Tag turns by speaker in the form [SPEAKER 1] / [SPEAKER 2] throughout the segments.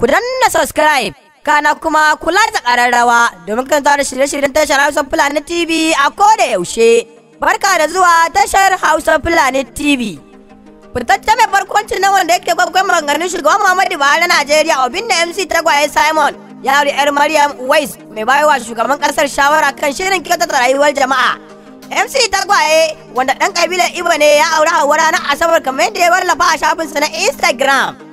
[SPEAKER 1] ku danna subscribe kana kuma kula da ƙararrawa domin kan ta shirye-shiryen tashar Hausa Fulani TV a koda yaushe. Barka da zuwa tashar Hausa Fulani TV. Fitacce mai barkwanci na wanda yake gwagwar maganganun shugaban Muhammadu Buhari na Najeriya Obin da MC Tagwaye Simon yari yar Maryam Weiss mai bayarwa shugaban ƙasar shawara kan shirin da rayuwar jama'a. MC Tagwaye wanda ɗan ƙabilar Ibo ne ya auri hawa na Asabar kamar yadda ya wallafa a sa na Instagram.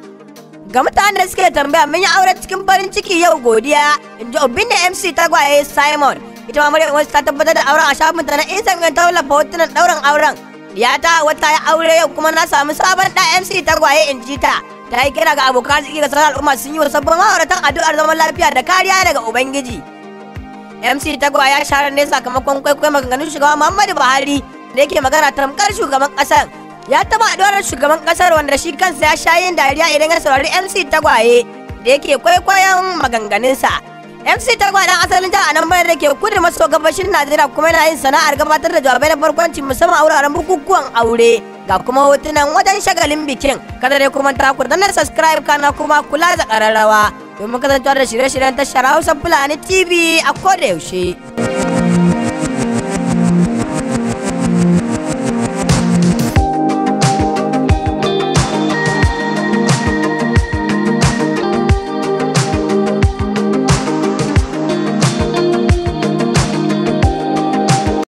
[SPEAKER 1] Ga mutanen da suke tambaya mun yi aure cikin farin ciki yau godiya in ji obin da MC tagwaye Simon. Ita ma Maryam Wasu ta tabbatar da auren a shafin ta na Instagram ta wallafa hotunan ɗaurin auren. Ya ta wata ya aure yau kuma na samu sabon da MC tagwaye in ji ta. Ta yi kira ga abokan ciki ga sauran al'umma sun yi wa sabbin ma'auratan addu'ar zaman lafiya da kariya daga Ubangiji. MC tagwaye ya share ne sakamakon kwaikwayo maganganun shugaba Muhammadu Buhari da yake magana tamkar shugaban ƙasar. ya taba adorar shugaban kasar wanda shi kansa ya sha yin dariya idan ya saurari mc tagwaye da yake kwaikwayon maganganunsa mc tagwaye dan asalin jihar anambra da ke kudu maso gabashin najeriya kuma yana yin sana'ar gabatar da jawabai na barkwanci musamman a wuraren bukukuwan aure ga kuma hotunan wajen shagalin bikin kada dai kuma ta ku na subscribe kana kuma kula da kararrawa domin kasancewa da shirye-shiryen tashar hausa fulani tv a koda yaushe